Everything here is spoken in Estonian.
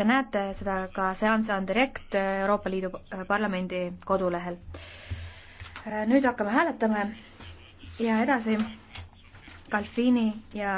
Te näete seda ka seanss on direkt Euroopa Liidu Parlamendi kodulehel. nüüd hakkame hääletama ja edasi Galfini ja